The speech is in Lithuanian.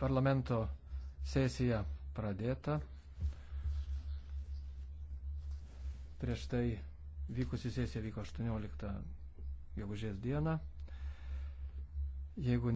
Parlamento sesija pradėta. Prieš tai vykusi sesija vyko 18 gegužės dieną. Jeigu